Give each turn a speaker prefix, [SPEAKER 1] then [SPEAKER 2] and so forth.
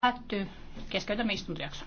[SPEAKER 1] päättyy. Keskeytämme istuntojakso.